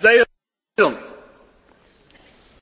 They